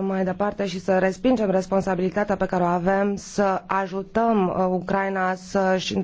mai departe și să respingem responsabilitatea pe care o avem să ajutăm uh, Ucraina să-și